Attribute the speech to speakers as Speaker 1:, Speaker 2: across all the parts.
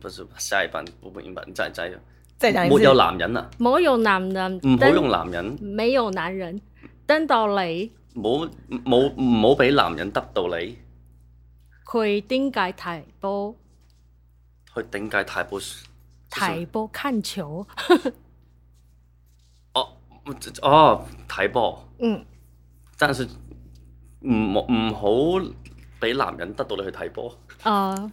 Speaker 1: 不是，下一班不明白，仔咯，即係冇有男人啊，
Speaker 2: 冇有男人、啊，唔好用男人，沒有男人，等到你，
Speaker 1: 冇冇唔好俾男人得到你，
Speaker 2: 佢點解睇波？
Speaker 1: 佢點解睇波？
Speaker 2: 睇波看球，
Speaker 1: 哦、啊，哦、啊，睇波，嗯， 但是唔唔好俾男人得到你去睇波，
Speaker 2: 哦、嗯。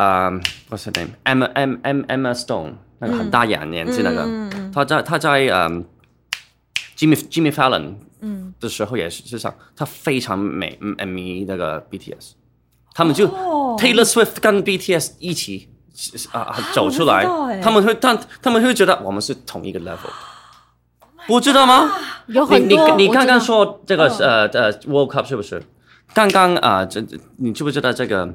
Speaker 1: 嗯、um,，what's her name？Emma Emma Emma Stone，、嗯、那個很大眼年紀那個，她、嗯、在她在嗯、um,，Jimmy Jimmy Fallon，的時候也是，是、嗯、想，她非常美，嗯，E、嗯、那個 BTS，他們就 Taylor Swift 跟 BTS 一起、哦、啊啊走出來、啊欸，他們會，但他,他們會覺得我們是同一個 level，不、oh、知道嗎？
Speaker 2: 啊、有很多你你你剛剛說
Speaker 1: 這個，呃呃、uh, uh,，World Cup 是不是？哦、剛剛啊，這、uh, 你知不知道這個？